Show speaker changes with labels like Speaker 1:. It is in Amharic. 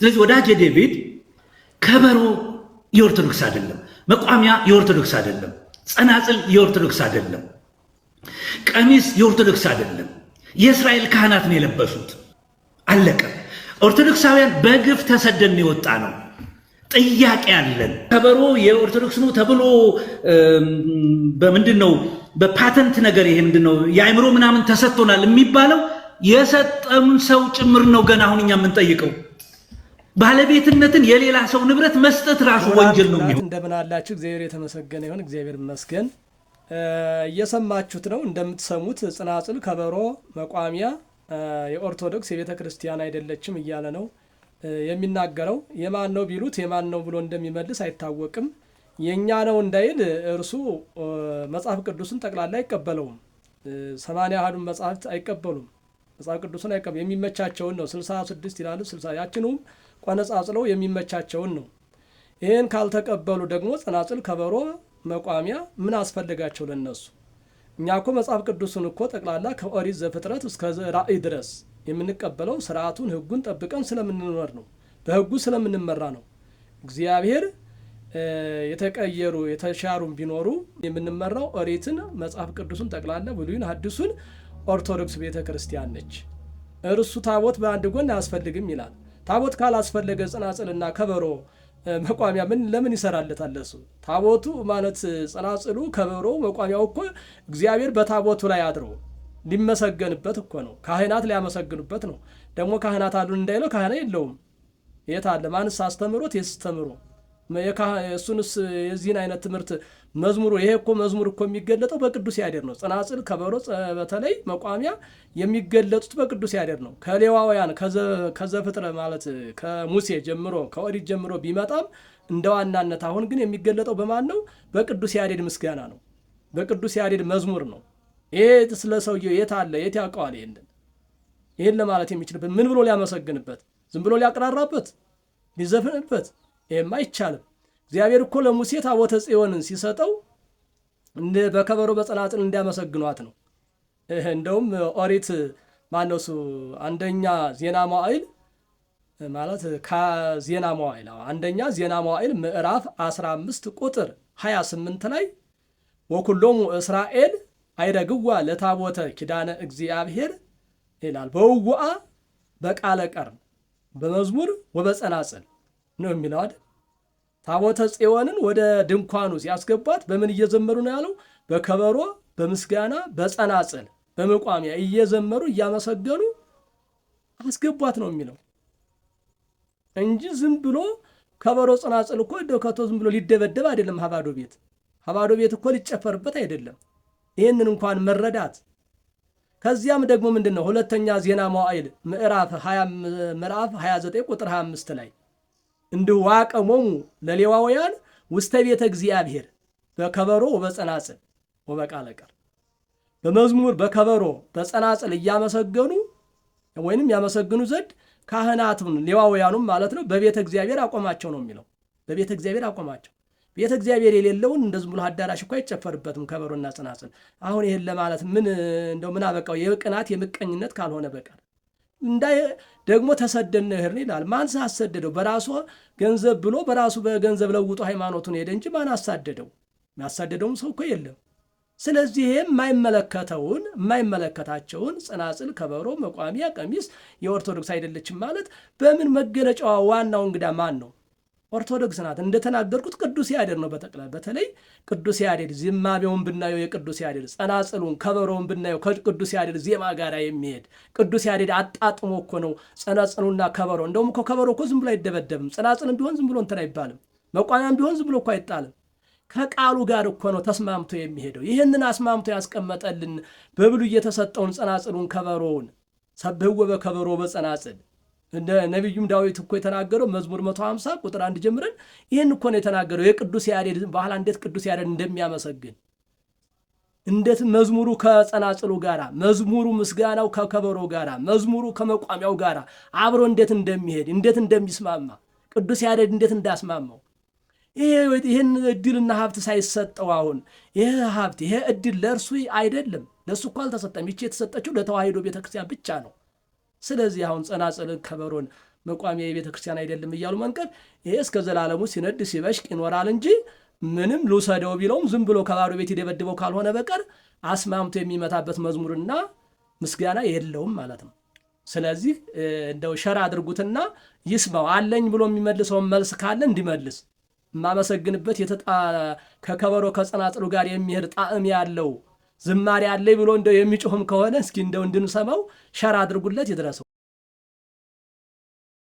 Speaker 1: ስለዚህ ወዳጄ ዴቪድ ከበሮ የኦርቶዶክስ አይደለም፣ መቋሚያ የኦርቶዶክስ አይደለም፣ ጸናጽል የኦርቶዶክስ አይደለም፣ ቀሚስ የኦርቶዶክስ አይደለም። የእስራኤል ካህናት ነው የለበሱት። አለቀ። ኦርቶዶክሳውያን በግፍ ተሰደን የወጣ ነው። ጥያቄ አለን። ከበሮ የኦርቶዶክስ ነው ተብሎ በምንድን ነው በፓተንት ነገር ይሄ ምንድን ነው የአእምሮ ምናምን ተሰጥቶናል የሚባለው የሰጠም ሰው ጭምር ነው። ገና አሁን እኛ የምንጠይቀው ባለቤትነትን የሌላ ሰው ንብረት መስጠት ራሱ ወንጀል ነው የሚሆን።
Speaker 2: እንደምን አላችሁ? እግዚአብሔር የተመሰገነ ይሁን። እግዚአብሔር ይመስገን። እየሰማችሁት ነው። እንደምትሰሙት ጽናጽል፣ ከበሮ፣ መቋሚያ የኦርቶዶክስ የቤተ ክርስቲያን አይደለችም እያለ ነው የሚናገረው። የማን ነው ቢሉት የማን ነው ብሎ እንደሚመልስ አይታወቅም። የእኛ ነው እንዳይል እርሱ መጽሐፍ ቅዱስን ጠቅላላ አይቀበለውም። ሰማንያ አሐዱን መጽሐፍት አይቀበሉም። መጽሐፍ ቅዱስን አይቀበሉ የሚመቻቸውን ነው። ስልሳ ስድስት ይላሉ። ስልሳ ያችንም ቆነጻጽለው የሚመቻቸውን ነው። ይህን ካልተቀበሉ ደግሞ ጸናጽል፣ ከበሮ፣ መቋሚያ ምን አስፈልጋቸው ለነሱ? እኛ ኮ መጽሐፍ ቅዱስን እኮ ጠቅላላ ከኦሪት ዘፍጥረት እስከ ራእይ ድረስ የምንቀበለው ስርዓቱን ህጉን ጠብቀን ስለምንኖር ነው። በህጉ ስለምንመራ ነው። እግዚአብሔር የተቀየሩ የተሻሩም ቢኖሩ የምንመራው ኦሪትን መጽሐፍ ቅዱስን ጠቅላላ ብሉይን ሐዲሱን ኦርቶዶክስ ቤተ ክርስቲያን ነች። እርሱ ታቦት በአንድ ጎን አያስፈልግም ይላል። ታቦት ካላስፈለገ ጽናጽልና ከበሮ መቋሚያ ምን ለምን ይሰራለታል? እሱ ታቦቱ ማለት ጽናጽሉ ከበሮ መቋሚያው እኮ እግዚአብሔር በታቦቱ ላይ አድሮ ሊመሰገንበት እኮ ነው። ካህናት ሊያመሰግኑበት ነው። ደግሞ ካህናት አሉን እንዳይለው ካህና የለውም። የት አለ? ማንስ አስተምሮት የስተምሮ የእሱንስ የዚህን አይነት ትምህርት መዝሙሩ ይሄ እኮ መዝሙር እኮ የሚገለጠው በቅዱስ ያደር ነው። ጽናጽል፣ ከበሮ፣ በተለይ መቋሚያ የሚገለጡት በቅዱስ ያደር ነው። ከሌዋውያን ከዘፍጥረ ማለት ከሙሴ ጀምሮ ከኦሪት ጀምሮ ቢመጣም እንደ ዋናነት አሁን ግን የሚገለጠው በማን ነው? በቅዱስ ያሬድ ምስጋና ነው። በቅዱስ ያሬድ መዝሙር ነው። ይሄ ስለ ሰውየው የት አለ? የት ያውቀዋል? ይሄንን ይህን ለማለት የሚችልበት ምን ብሎ ሊያመሰግንበት? ዝም ብሎ ሊያቀራራበት ሊዘፍንበት ይህም አይቻልም። እግዚአብሔር እኮ ለሙሴ ታቦተ ጽዮንን ሲሰጠው በከበሮ በጸናጽል እንዲያመሰግኗት ነው። እንደውም ኦሪት ማነሱ አንደኛ ዜና መዋዕል ማለት ከዜና መዋዕል አንደኛ ዜና መዋዕል ምዕራፍ 15 ቁጥር 28 ላይ ወኩሎሙ እስራኤል አይረግዋ ለታቦተ ኪዳነ እግዚአብሔር ይላል በውጉአ በቃለ ቀርብ በመዝሙር ወበጸናጽል ነው የሚለው አይደል? ታቦተ ጽዮንን ወደ ድንኳኑ ሲያስገባት በምን እየዘመሩ ነው ያለው? በከበሮ በምስጋና በጸናጽል በመቋሚያ እየዘመሩ እያመሰገኑ አስገቧት ነው የሚለው እንጂ ዝም ብሎ ከበሮ ጽናጽል እኮ ከቶ ዝም ብሎ ሊደበደብ አይደለም። ሀባዶ ቤት ሀባዶ ቤት እኮ ሊጨፈርበት አይደለም። ይህንን እንኳን መረዳት። ከዚያም ደግሞ ምንድን ነው ሁለተኛ ዜና መዋዕል ምዕራፍ 29 ቁጥር 25 ላይ እንድዋቀሞሙ ለሌዋውያን ውስተ ቤተ እግዚአብሔር በከበሮ ወበጸናጽል ወበቃለ ቃል በመዝሙር በከበሮ በጸናጽል እያመሰገኑ ወይንም ያመሰግኑ ዘንድ ካህናቱን ሌዋውያኑም ማለት ነው በቤተ እግዚአብሔር አቆማቸው ነው የሚለው። በቤተ እግዚአብሔር አቆማቸው። ቤተ እግዚአብሔር የሌለውን እንደ ብሎ አዳራሽ እኮ አይጨፈርበትም ከበሮና ጽናጽል። አሁን ይህን ለማለት ምን እንደው ምን አበቃው የቅናት የምቀኝነት ካልሆነ በቀር እንዳይ ደግሞ ተሰደነ ህርን ይላል። ማን ሳሰደደው? በራሱ ገንዘብ ብሎ በራሱ በገንዘብ ለውጦ ሃይማኖቱን ሄደ እንጂ ማን አሳደደው? የሚያሳደደውም ሰው እኮ የለም። ስለዚህ የማይመለከተውን የማይመለከታቸውን ጽናጽል፣ ከበሮ፣ መቋሚያ፣ ቀሚስ የኦርቶዶክስ አይደለችም ማለት በምን መገለጫዋ? ዋናው እንግዳ ማን ነው? ኦርቶዶክስ ናት። እንደተናገርኩት ቅዱስ ያሬድ ነው። በጠቅላላ በተለይ ቅዱስ ያሬድ ዝማቤውን ብናየው የቅዱስ ያሬድ ጸናጽሉን ከበሮውን ብናየው ከቅዱስ ያሬድ ዜማ ጋር የሚሄድ ቅዱስ ያሬድ አጣጥሞ እኮ ነው ጸናጽሉና ከበሮ። እንደውም እኮ ከበሮ እኮ ዝም ብሎ አይደበደብም። ጸናጽልም ቢሆን ዝም ብሎ እንትን አይባልም። መቋሚያም ቢሆን ዝም ብሎ እኮ አይጣልም። ከቃሉ ጋር እኮ ነው ተስማምቶ የሚሄደው። ይህንን አስማምቶ ያስቀመጠልን በብሉ እየተሰጠውን ጸናጽሉን ከበሮውን ሰብህወ በከበሮ በጸናጽል ነቢዩም ዳዊት እኮ የተናገረው መዝሙር 150 ቁጥር አንድ ጀምረን ይህን እኮ ነው የተናገረው። የቅዱስ ያሬድ ባህላ እንዴት ቅዱስ ያሬድ እንደሚያመሰግን እንዴት መዝሙሩ ከጸናጽሉ ጋራ፣ መዝሙሩ ምስጋናው ከከበሮ ጋራ፣ መዝሙሩ ከመቋሚያው ጋራ አብሮ እንዴት እንደሚሄድ እንዴት እንደሚስማማ ቅዱስ ያሬድ እንዴት እንዳስማማው ይህን እድልና ሀብት ሳይሰጠው አሁን ይሄ ሀብት ይሄ እድል ለእርሱ አይደለም፣ ለእሱ እኳ አልተሰጠም። ይቺ የተሰጠችው ለተዋሂዶ ቤተክርስቲያን ብቻ ነው። ስለዚህ አሁን ጸናጽል ከበሮን መቋሚያ የቤተ ክርስቲያን አይደለም እያሉ መንቀፍ ይሄ እስከ ዘላለሙ ሲነድ ሲበሽቅ ይኖራል እንጂ ምንም ልውሰደው ቢለውም ዝም ብሎ ከባዶ ቤት ይደበድበው ካልሆነ በቀር አስማምቶ የሚመታበት መዝሙርና ምስጋና የለውም ማለት ነው። ስለዚህ እንደው ሸራ አድርጉትና ይስማው አለኝ ብሎ የሚመልሰውን መልስ ካለ እንዲመልስ የማመሰግንበት ከከበሮ ከጸናጽሉ ጋር የሚሄድ ጣዕም ያለው ዝማሬ አለኝ ብሎ እንደው የሚጮህም ከሆነ እስኪ እንደው እንድንሰማው ሸራ አድርጉለት ይድረሰው።